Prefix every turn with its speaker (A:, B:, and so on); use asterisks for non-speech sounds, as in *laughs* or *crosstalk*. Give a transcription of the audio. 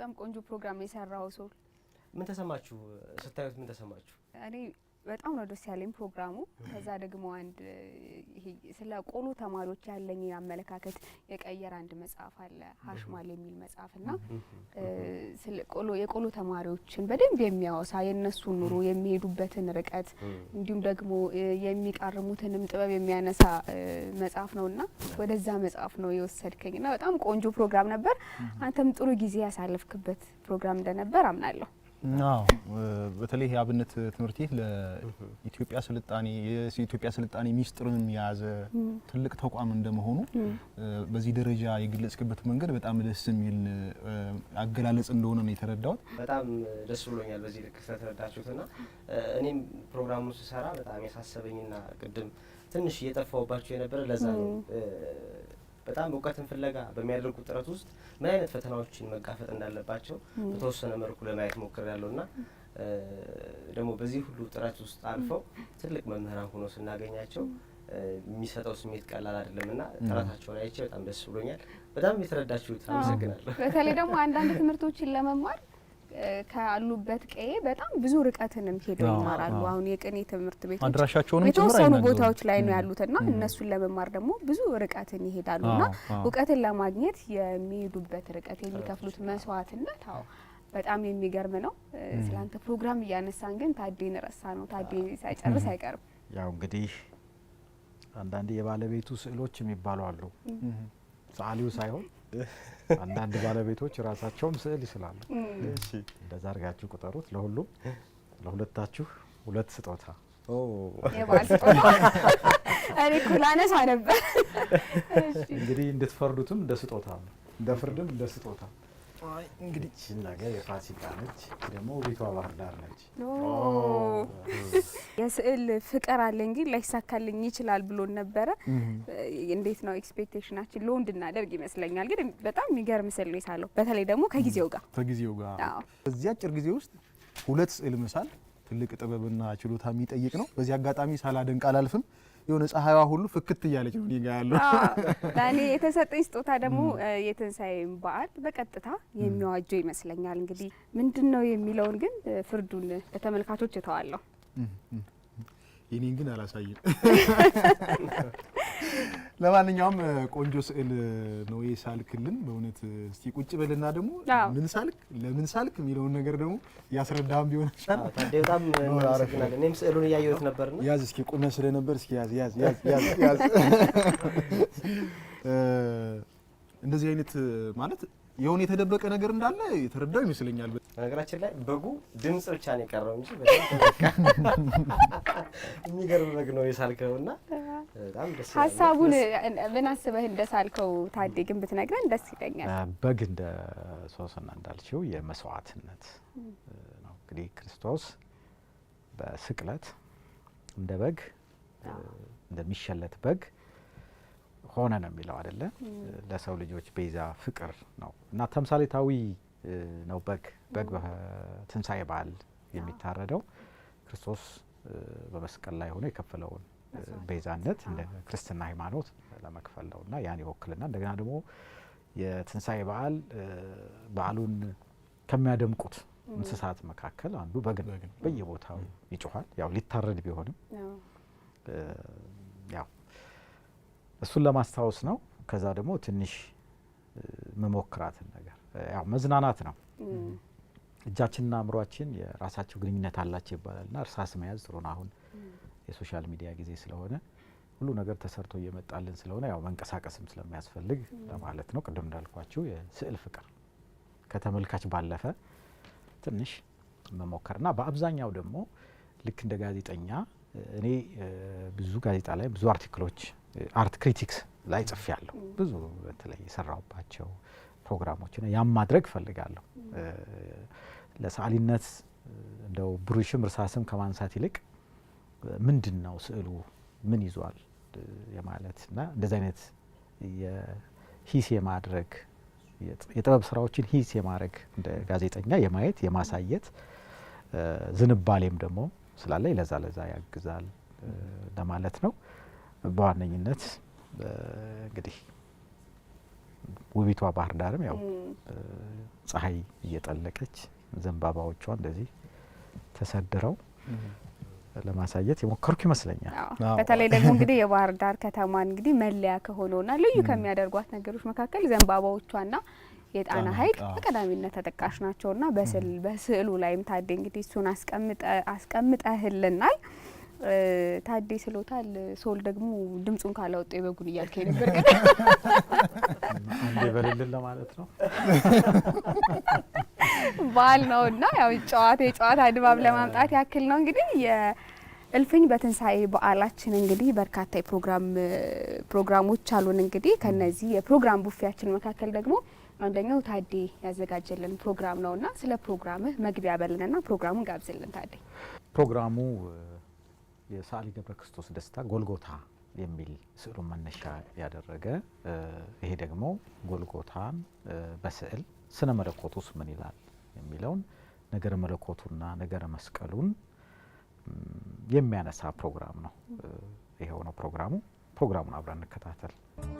A: በጣም ቆንጆ ፕሮግራም የሰራው ሶል
B: ምን ተሰማችሁ ስታዩት? ምን ተሰማችሁ?
A: እኔ በጣም ነው ደስ ያለኝ ፕሮግራሙ። ከዛ ደግሞ አንድ ይሄ ስለ ቆሎ ተማሪዎች ያለኝ አመለካከት የቀየር አንድ መጽሐፍ አለ ሀሽማል የሚል መጽሐፍ ና ስለ ቆሎ የቆሎ ተማሪዎችን በደንብ የሚያወሳ የእነሱን ኑሮ የሚሄዱበትን ርቀት እንዲሁም ደግሞ የሚቃርሙትንም ጥበብ የሚያነሳ መጽሐፍ ነውና ወደዛ መጽሐፍ ነው የወሰድከኝ ና በጣም ቆንጆ ፕሮግራም ነበር። አንተም ጥሩ ጊዜ ያሳለፍክበት ፕሮግራም እንደነበር አምናለሁ።
B: በተለይ የአብነት ትምህርት ቤት ለኢትዮጵያ ስልጣኔ የኢትዮጵያ ስልጣኔ ሚስጥርንም የያዘ ትልቅ ተቋም እንደመሆኑ በዚህ ደረጃ የገለጽክበት መንገድ በጣም ደስ የሚል አገላለጽ እንደሆነ ነው የተረዳሁት።
C: በጣም ደስ ብሎኛል በዚህ ልክ ስለተረዳችሁትና እኔም ፕሮግራሙን ስሰራ በጣም ያሳሰበኝና ቅድም ትንሽ እየጠፋውባቸው የነበረ ለዛ ነው በጣም እውቀትን ፍለጋ በሚያደርጉ ጥረት ውስጥ ምን አይነት ፈተናዎችን መጋፈጥ እንዳለባቸው በተወሰነ መልኩ ለማየት ሞክሬያለሁ እና ደግሞ በዚህ ሁሉ ጥረት ውስጥ አልፈው ትልቅ መምህራን ሆኖ ስናገኛቸው የሚሰጠው ስሜት ቀላል አይደለም እና ጥረታቸውን አይቼ በጣም ደስ ብሎኛል። በጣም የተረዳችሁት፣ አመሰግናለሁ።
A: በተለይ ደግሞ አንዳንድ ትምህርቶችን ለመማር ካሉበት ቀዬ በጣም ብዙ ርቀትንም ሄደው ይማራሉ። አሁን የቅኔ ትምህርት ቤቶች አድራሻቸውንም የተወሰኑ ቦታዎች ላይ ነው ያሉትና እነሱን ለመማር ደግሞ ብዙ ርቀትን ይሄዳሉና እውቀትን ለማግኘት የሚሄዱበት ርቀት የሚከፍሉት መስዋዕትነት አዎ በጣም የሚገርም ነው። ስለአንተ ፕሮግራም እያነሳን ግን ታዴን ረሳ ነው። ታዴ ሳይጨርስ አይቀርም።
B: ያው እንግዲህ አንዳንዴ የባለቤቱ ስዕሎች የሚባሉ አሉ፣ ሰዓሊው ሳይሆን አንዳንድ ባለቤቶች ራሳቸውም ስዕል ይስላሉ። እንደዛ አድርጋችሁ ቁጠሩት። ለሁሉም ለሁለታችሁ ሁለት ስጦታ
A: እኔ እኮ ላነሳ ነበር።
B: እንግዲህ እንድትፈርዱትም እንደ ስጦታ ነው፣ እንደ ፍርድም እንደ ስጦታ ነው። እንግዲህ ይህች ነገር የፋሲካ ነች፣ ደግሞ ውቢቷ ባህር ዳር ነች።
A: የስዕል ፍቅር አለኝ ግን ላይሳካልኝ ይችላል ብሎን ነበረ። እንዴት ነው ኤክስፔክቴሽናችን? ሎው እንድናደርግ ይመስለኛል። ግን በጣም የሚገርም ስዕል ነው የሳለው፣ በተለይ ደግሞ ከጊዜው ጋር ከጊዜው ጋር
B: በዚህ አጭር ጊዜ ውስጥ ሁለት ስዕል መሳል ትልቅ ጥበብና ችሎታ የሚጠይቅ ነው። በዚህ አጋጣሚ ሳላደንቅ አላልፍም። የሆነ ፀሐይዋ ሁሉ ፍክት እያለች ነው እኔ ጋ
A: ያለው። ለእኔ የተሰጠኝ ስጦታ ደግሞ የትንሣኤን በዓል በቀጥታ የሚዋጀው ይመስለኛል። እንግዲህ ምንድን ነው የሚለውን ግን ፍርዱን ለተመልካቾች እተዋለሁ።
B: የኔን ግን አላሳይም። *laughs* ለማንኛውም ቆንጆ ስዕል ነው ሳልክልን በእውነት እስቲ ቁጭ በልና ደግሞ ምን ሳልክ ለምን ሳልክ የሚለውን ነገር ደግሞ እያስረዳም ቢሆን ይሻላል። በጣም
C: አሪፍ ነገር። እኔም ስዕሉን እያየሁት
B: ያዝ እስኪ ቁመህ ስለነበር እስኪ ያዝ ያዝ ያዝ *laughs* ያዝ ያዝ እንደዚህ አይነት ማለት የሆነ የተደበቀ ነገር እንዳለ የተረዳው
C: ይመስለኛል። በነገራችን ላይ በጉ ድምፅ ብቻ ነው የቀረው እንጂ የሚገርም በግ ነው የሳልከው እና
A: ሀሳቡን ምን አስበህ እንደሳልከው ታዴ ግን ብትነግረን ደስ ይለኛል።
B: በግ እንደ ሶስና እንዳልችው የመስዋዕትነት ነው እንግዲህ ክርስቶስ በስቅለት እንደ በግ እንደሚሸለት በግ ሆነ ነው የሚለው አይደለ? ለሰው ልጆች ቤዛ ፍቅር ነው እና ተምሳሌታዊ ነው። በግ በግ በትንሳኤ በዓል የሚታረደው ክርስቶስ በመስቀል ላይ ሆኖ የከፈለውን ቤዛነት እንደ ክርስትና ሃይማኖት ለመክፈል ነው እና ያን ይወክልና እንደገና ደግሞ የትንሳኤ በዓል በዓሉን ከሚያደምቁት እንስሳት መካከል አንዱ በግ ነው። በየቦታው ይጮኋል። ያው ሊታረድ ቢሆንም ያው እሱን ለማስታወስ ነው። ከዛ ደግሞ ትንሽ መሞክራትን ነገር ያው መዝናናት ነው። እጃችንና አእምሯችን የራሳቸው ግንኙነት አላቸው ይባላልና እርሳስ መያዝ ጥሩ ነው። አሁን የሶሻል ሚዲያ ጊዜ ስለሆነ ሁሉ ነገር ተሰርቶ እየመጣልን ስለሆነ ያው መንቀሳቀስም ስለሚያስፈልግ ለማለት ነው። ቅድም እንዳልኳችሁ የስዕል ፍቅር ከተመልካች ባለፈ ትንሽ መሞከርና በአብዛኛው ደግሞ ልክ እንደ ጋዜጠኛ እኔ ብዙ ጋዜጣ ላይ ብዙ አርቲክሎች አርት ክሪቲክስ ላይ ጽፍ ያለሁ ብዙ በተለይ የሰራሁባቸው ፕሮግራሞችና ያም ማድረግ እፈልጋለሁ። ለሰአሊነት እንደው ብሩሽም እርሳስም ከማንሳት ይልቅ ምንድን ነው ስዕሉ ምን ይዟል የማለት ና እንደዚህ አይነት የሂስ የማድረግ የጥበብ ስራዎችን ሂስ የማድረግ እንደ ጋዜጠኛ የማየት የማሳየት ዝንባሌም ደግሞ ስላለ ለዛ ለዛ ያግዛል ለማለት ነው። በዋነኝነት እንግዲህ ውቢቷ ባህር ዳርም ያው ፀሐይ እየጠለቀች ዘንባባዎቿ እንደዚህ ተሰድረው ለማሳየት የሞከርኩ ይመስለኛል። በተለይ
A: ደግሞ እንግዲህ የባህር ዳር ከተማ እንግዲህ መለያ ከሆነውና ልዩ ከሚያደርጓት ነገሮች መካከል ዘንባባዎቿና የጣና ሐይቅ በቀዳሚነት ተጠቃሽ ናቸውና በስዕሉ ላይም ታዴ እንግዲህ እሱን አስቀምጠህልናል። ታዴ ስሎታል። ሶል ደግሞ ድምፁን ካላወጡ የበጉን እያልከ ነበር፣ ግን
B: አንዴ በልልን ለማለት ነው
A: ባል ነው እና ያው ጨዋታ የጨዋታ ድባብ ለማምጣት ያክል ነው እንግዲህ እልፍኝ በትንሳኤ በዓላችን እንግዲህ በርካታ የፕሮግራም ፕሮግራሞች አሉን። እንግዲህ ከነዚህ የፕሮግራም ቡፌያችን መካከል ደግሞ አንደኛው ታዴ ያዘጋጀልን ፕሮግራም እና ስለ ፕሮግራምህ መግቢያ በልንና ፕሮግራሙን ጋብዝልን ታዴ። ፕሮግራሙ
B: የሰዓሊ ገብረ ክርስቶስ ደስታ ጎልጎታ የሚል ስዕሉን መነሻ ያደረገ ይሄ ደግሞ ጎልጎታን በስዕል ስነ መለኮት ውስጥ ምን ይላል የሚለውን ነገረ መለኮቱና ነገረ መስቀሉን የሚያነሳ ፕሮግራም ነው። ይሄው ነው ፕሮግራሙ። ፕሮግራሙን አብረን እንከታተል።